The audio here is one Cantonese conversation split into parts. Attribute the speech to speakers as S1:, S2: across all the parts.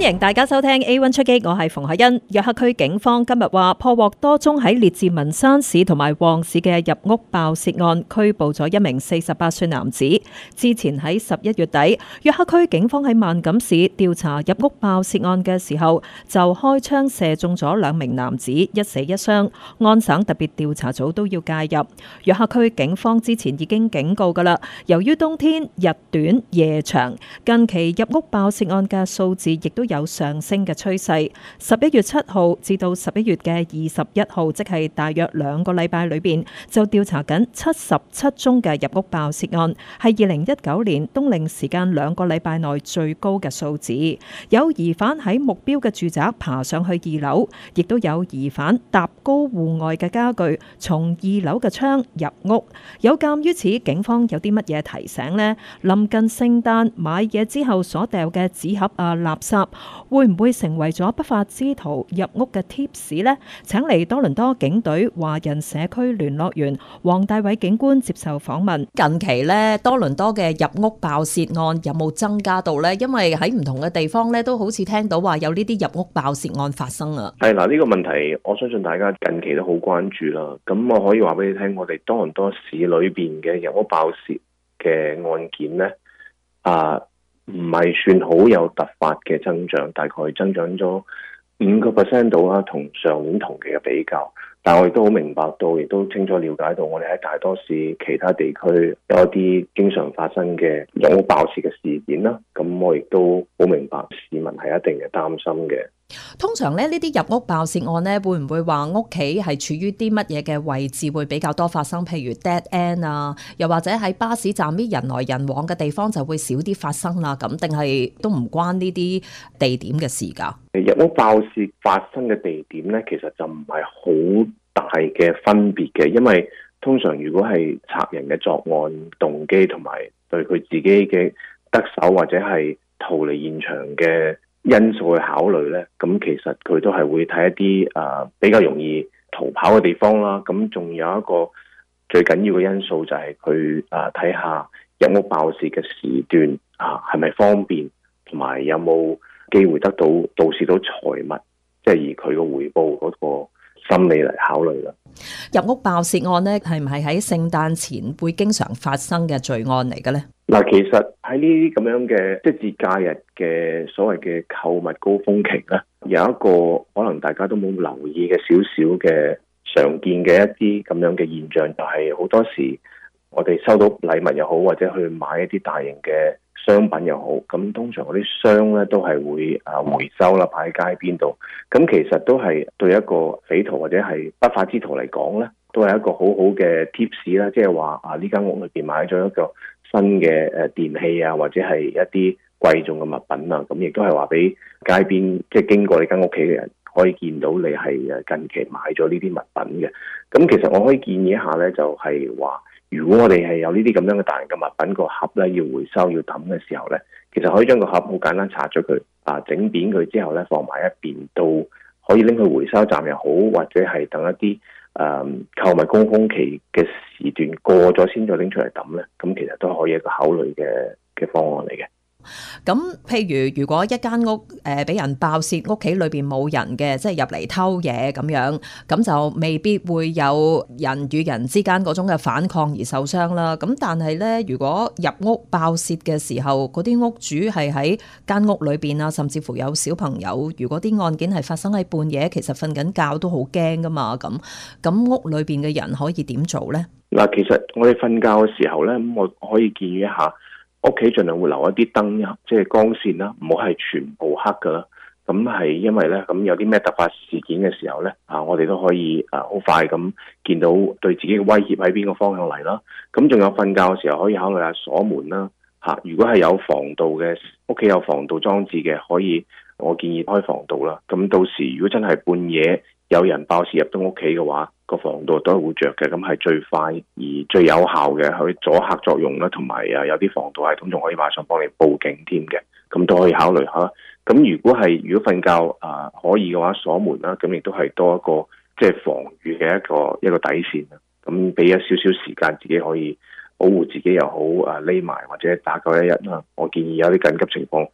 S1: 歡迎大家收聽 A One 出擊，我係馮可欣。約克區警方今日話破獲多宗喺列治文山市同埋旺市嘅入屋爆竊案，拘捕咗一名四十八歲男子。之前喺十一月底，約克區警方喺萬錦市調查入屋爆竊案嘅時候，就開槍射中咗兩名男子，一死一傷。安省特別調查組都要介入。約克區警方之前已經警告噶啦，由於冬天日短夜長，近期入屋爆竊案嘅數字亦都。有上升嘅趨勢。十一月七號至到十一月嘅二十一號，即係大約兩個禮拜裏邊，就調查緊七十七宗嘅入屋爆竊案，係二零一九年冬令時間兩個禮拜內最高嘅數字。有疑犯喺目標嘅住宅爬上去二樓，亦都有疑犯搭高戶外嘅家具，從二樓嘅窗入屋。有鑑於此，警方有啲乜嘢提醒呢？臨近聖誕，買嘢之後所掉嘅紙盒啊、垃圾。會唔會成為咗不法之徒入屋嘅貼士呢？請嚟多倫多警隊華人社區聯絡員黃大偉警官接受訪問。近期呢，多倫多嘅入屋爆竊案有冇增加到呢？因為喺唔同嘅地方呢，都好似聽到話有呢啲入屋爆竊案發生啊。
S2: 係嗱，呢個問題，我相信大家近期都好關注啦。咁我可以話俾你聽，我哋多倫多市裏邊嘅入屋爆竊嘅案件呢。啊。唔係算好有突發嘅增長，大概增長咗五個 percent 到啦，同上年同期嘅比較。但我亦都好明白到，亦都清楚了解到，我哋喺大多市其他地區有一啲經常發生嘅入屋爆竊嘅事件啦。咁我亦都好明白市民係一定嘅擔心嘅。
S1: 通常咧，呢啲入屋爆竊案呢，會唔會話屋企係處於啲乜嘢嘅位置會比較多發生？譬如 dead end 啊，又或者喺巴士站啲人來人往嘅地方就會少啲發生啦。咁定係都唔關呢啲地點嘅事噶？
S2: 入屋爆竊發生嘅地點呢，其實就唔係好大嘅分別嘅，因為通常如果係賊人嘅作案動機同埋對佢自己嘅得手或者係逃離現場嘅。因素去考慮咧，咁其實佢都係會睇一啲誒比較容易逃跑嘅地方啦。咁仲有一個最緊要嘅因素就係佢誒睇下入屋爆竊嘅時段啊，係咪方便，同埋有冇機會得到盜竊到財物，即係以佢個回報嗰個心理嚟考慮啦。
S1: 入屋爆竊案咧，係唔係喺聖誕前會經常發生嘅罪案嚟嘅咧？嗱，其實
S2: 喺呢啲咁樣嘅即係節假日嘅所謂嘅購物高峰期咧，有一個可能大家都冇留意嘅少少嘅常見嘅一啲咁樣嘅現象，就係好多時我哋收到禮物又好，或者去買一啲大型嘅商品又好，咁通常嗰啲箱咧都係會啊回收啦，擺喺街邊度。咁其實都係對一個匪徒或者係不法之徒嚟講咧。都係一個好好嘅貼士啦，即係話啊呢間屋裏邊買咗一個新嘅誒電器啊，或者係一啲貴重嘅物品啊，咁亦都係話俾街邊即係、就是、經過呢間屋企嘅人可以見到你係誒近期買咗呢啲物品嘅。咁其實我可以建議一下咧，就係、是、話如果我哋係有呢啲咁樣嘅大型嘅物品、那個盒咧，要回收要抌嘅時候咧，其實可以將個盒好簡單拆咗佢啊，整扁佢之後咧放埋一邊，到可以拎去回收站又好，或者係等一啲。誒，um, 購物高峰期嘅時段過咗，先再拎出嚟抌咧，咁其實都可以一個考慮嘅嘅方案嚟嘅。
S1: 咁譬如如果一間屋誒俾人爆竊，屋企裏邊冇人嘅，即係入嚟偷嘢咁樣，咁就未必會有人與人之間嗰種嘅反抗而受傷啦。咁但係咧，如果入屋爆竊嘅時候，嗰啲屋主係喺間屋裏邊啊，甚至乎有小朋友。如果啲案件係發生喺半夜，其實瞓緊覺都好驚㗎嘛。咁咁屋裏邊嘅人可以點做咧？
S2: 嗱，其實我哋瞓覺嘅時候咧，咁我可以建議一下。屋企盡量會留一啲燈，即係光線啦，唔好係全部黑噶。咁係因為咧，咁有啲咩突發事件嘅時候咧，啊，我哋都可以啊，好快咁見到對自己嘅威脅喺邊個方向嚟啦。咁仲有瞓覺嘅時候可以考慮下鎖門啦。吓，啊，如果係有防盜嘅屋企有防盜裝置嘅，可以我建議開防盜啦。咁到時如果真係半夜。有人爆竊入到屋企嘅話，個防盜都係會着嘅，咁係最快而最有效嘅去阻嚇作用啦，同埋啊有啲防盜系統仲可以馬上幫你報警添嘅，咁都可以考慮下。咁如果係如果瞓覺啊可以嘅話鎖門啦，咁亦都係多一個即係、就是、防禦嘅一個一個底線啦。咁俾一少少時間自己可以保護自己又好啊，匿埋或者打救一日。啊。我建議有啲緊急情況。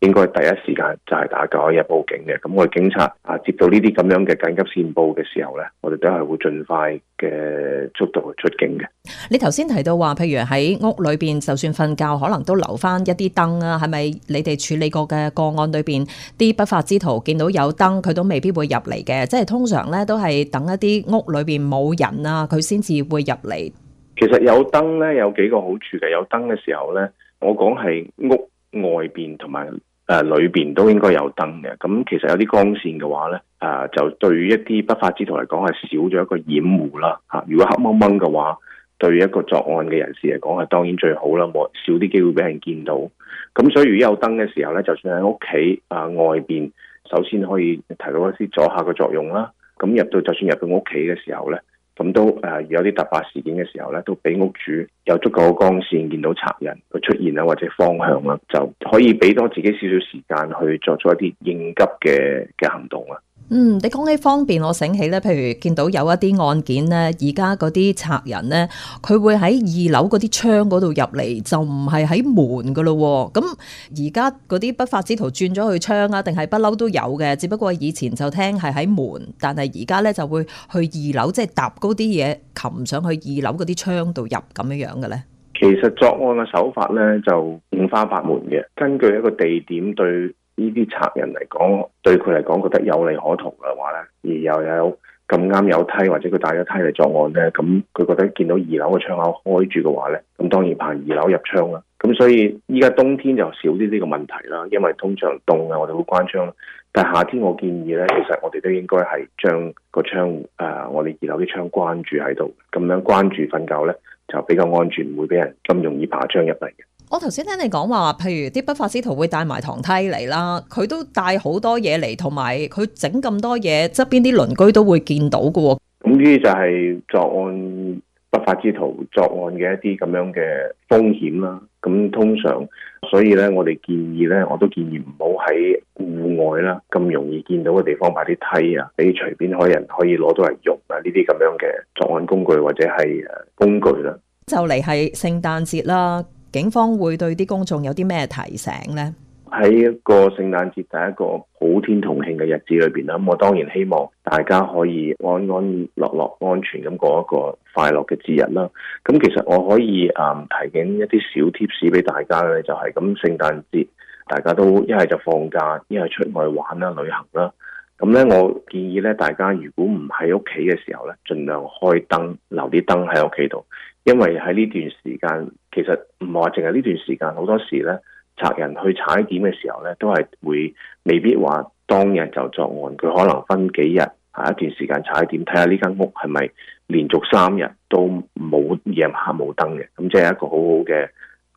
S2: 應該第一時間就係打九一一報警嘅。咁我哋警察啊，接到呢啲咁樣嘅緊急線報嘅時候呢我哋都係會盡快嘅速度去出警嘅。
S1: 你頭先提到話，譬如喺屋裏邊就算瞓覺，可能都留翻一啲燈啊？係咪？你哋處理過嘅個案裏邊，啲不法之徒見到有燈，佢都未必會入嚟嘅。即係通常呢，都係等一啲屋裏邊冇人啊，佢先至會入嚟。
S2: 其實有燈呢，有幾個好處嘅。有燈嘅時候呢，我講係屋外邊同埋。誒裏邊都應該有燈嘅，咁、嗯、其實有啲光線嘅話咧，誒、呃、就對於一啲不法之徒嚟講係少咗一個掩護啦嚇、啊。如果黑掹掹嘅話，對於一個作案嘅人士嚟講係當然最好啦，冇少啲機會俾人見到。咁、嗯、所以如果有燈嘅時候咧，就算喺屋企誒外邊，首先可以提到一啲阻嚇嘅作用啦。咁、啊、入到就算入到屋企嘅時候咧。咁都誒、呃，有啲突發事件嘅時候呢都俾屋主有足夠嘅光線見到賊人嘅出現啦，或者方向啦，就可以俾多自己少少時間去作出一啲應急嘅行動啦。
S1: 嗯，你講起方便，我醒起咧。譬如見到有一啲案件咧，而家嗰啲賊人咧，佢會喺二樓嗰啲窗嗰度入嚟，就唔係喺門噶咯。咁而家嗰啲不法之徒轉咗去窗啊，定係不嬲都有嘅？只不過以前就聽係喺門，但係而家咧就會去二樓，即係搭高啲嘢擒上去二樓嗰啲窗度入咁樣樣嘅咧。
S2: 其實作案嘅手法咧就五花八門嘅，根據一個地點對。呢啲賊人嚟講，對佢嚟講覺得有利可圖嘅話呢，而又有咁啱有，有梯，或者佢帶咗梯嚟作案呢，咁佢覺得見到二樓嘅窗口開住嘅話呢，咁當然爬二樓入窗啦。咁所以依家冬天就少啲呢個問題啦，因為通常凍啊，我哋會關窗。但夏天我建議呢，其實我哋都應該係將個窗戶誒、呃，我哋二樓啲窗關住喺度，咁樣關住瞓覺呢，就比較安全，唔會俾人咁容
S1: 易爬窗入嚟嘅。我頭先聽你講話，譬如啲不法之徒會帶埋糖梯嚟啦，佢都帶好多嘢嚟，同埋佢整咁多嘢側邊啲鄰居都會見到㗎喎。
S2: 咁呢就係作案不法之徒作案嘅一啲咁樣嘅風險啦。咁通常，所以咧我哋建議咧，我都建議唔好喺戶外啦，咁容易見到嘅地方買啲梯啊，畀隨便可人可以攞到嚟用啊，呢啲咁樣嘅作案工具或者係誒工具啦。
S1: 就嚟係聖誕節啦。警方會對啲公眾有啲咩提醒呢？
S2: 喺一個聖誕節第一個普天同慶嘅日子裏邊啦，我當然希望大家可以安安樂樂、安全咁過一個快樂嘅節日啦。咁其實我可以啊、呃、提緊一啲小貼士俾大家嘅，就係、係、咁聖誕節大家都一係就放假，一係出外玩啦、旅行啦。咁咧，我建議咧，大家如果唔喺屋企嘅時候咧，儘量開燈，留啲燈喺屋企度，因為喺呢段時間。其實唔係話淨係呢段時間，好多時咧，賊人去踩點嘅時候咧，都係會未必話當日就作案，佢可能分幾日，係一段時間踩點，睇下呢間屋係咪連續三日都冇夜晚冇燈嘅，咁即係一個好好嘅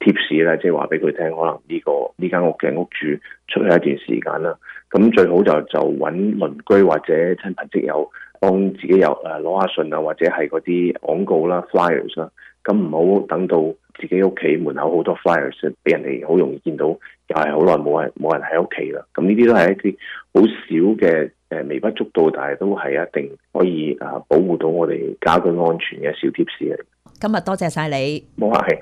S2: 貼士啦，即係話俾佢聽，可能呢、呢個呢間屋嘅屋主出去一段時間啦，咁最好就就揾鄰居或者親朋戚友幫自己又誒攞下信啊，或者係嗰啲廣告啦、啊、flyers 啦、啊，咁唔好等到。自己屋企門口好多 flyers 俾人哋好容易見到，又係好耐冇人冇人喺屋企啦。咁呢啲都係一啲好少嘅誒，微不足道，但係都係一定可以啊保護到我哋家居安全嘅小貼士嚟。
S1: 今日多謝晒你。
S2: 冇客氣。